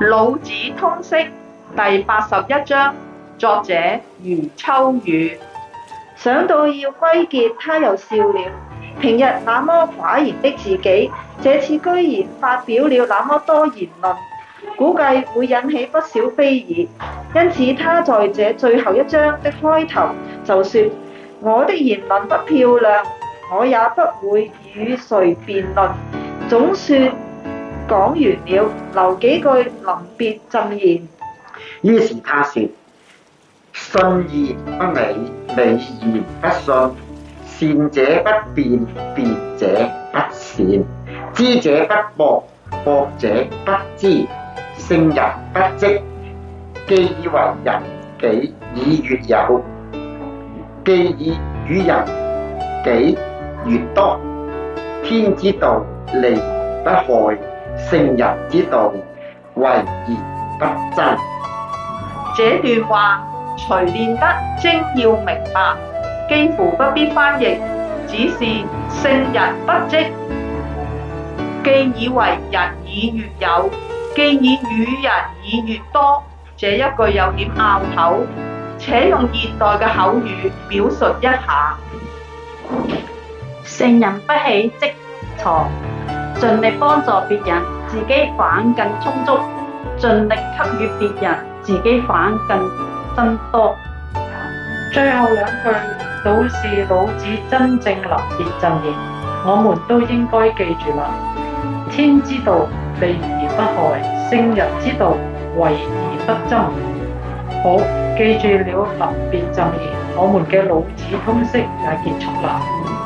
《老子通釋》第八十一章，作者余秋雨。想到要歸結，他又笑了。平日那麼寡言的自己，這次居然發表了那麼多言論，估計會引起不少非議。因此，他在這最後一章的開頭就說：我的言論不漂亮，我也不會與誰辯論。總說。講完了，留幾句臨別贈言。於是他說：信而不美，美而不信；善者不辯，辯者不善；知者不博，博者不知；聖人不積，既以為人己以愈有，既以與人己愈多。天之道，利不害。聖人之道，為而不爭。這段話，隨念得精要明白，幾乎不必翻譯。只是聖人不積，既以為人以愈有，既以與人以愈多。這一句有點拗口，且用現代嘅口語表述一下：聖人不喜積藏，盡力幫助別人。自己反更充足，盡力給予別人，自己反更增多。最後兩句都是老子真正臨別贈言，我們都應該記住啦。天之道，利而不害；聖人之道，為而不爭。好，記住了臨別贈言，我們嘅老子通釋就結束啦。